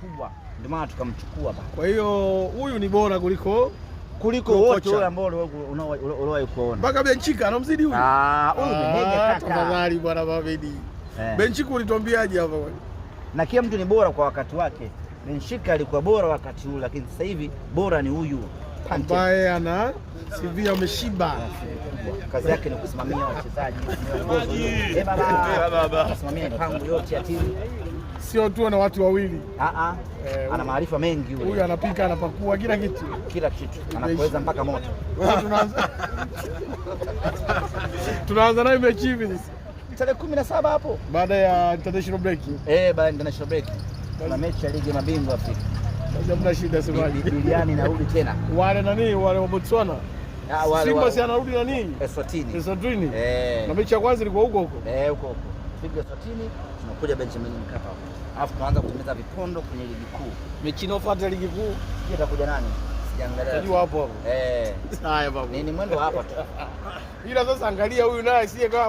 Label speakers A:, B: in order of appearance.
A: kubwa, ndio maana tukamchukua.
B: Kwa hiyo huyu ni bora kuliko
A: kuliko wote wale ambao
B: uliwahi kuona, mpaka Benchika anamzidi huyu.
A: Ah, huyu ni ah, ndege kaka.
B: Tafadhali bwana Eh. Benchika ulitwambiaje hapa?
A: Na kila mtu ni bora kwa wakati wake. Benchika alikuwa bora wakati ule, lakini sasa hivi bora ni huyu
B: ambaye ana CV ameshiba,
A: kazi yake ni kusimamia wachezaji, eh, eh, kusimamia mipango yote ya timu,
B: sio tu ana watu wawili.
A: Ah, ah. Eh, ana maarifa mengi huyu,
B: huyu anapika, anapakua kila kitu,
A: kila kitu anakuweza mpaka moto.
B: Tunaanza naye mechi hivi sasa
A: tarehe kumi na saba hapo
B: baada ya international break,
A: eh, baada ya international break, kuna mechi ya ligi mabingwa Afrika
B: Hamna shida semaji.
A: Juliani narudi tena.
B: Wale nani wale wa Botswana? Ah, Simba si anarudi nani?
A: Eswatini. Eswatini.
B: Eh. Na mechi ya kwanza ilikuwa huko huko.
A: Eh, huko huko. Piga Eswatini tunakuja Benjamin Mkapa huko. Alafu tunaanza kutengeneza vipondo kwenye ligi kuu.
B: Mechi inayofuata ligi kuu itakuja nani? Sijaangalia. Tajua hapo hapo. Eh. Haya babu. Nini mwendo hapa tu. Ila sasa angalia huyu naye siye kama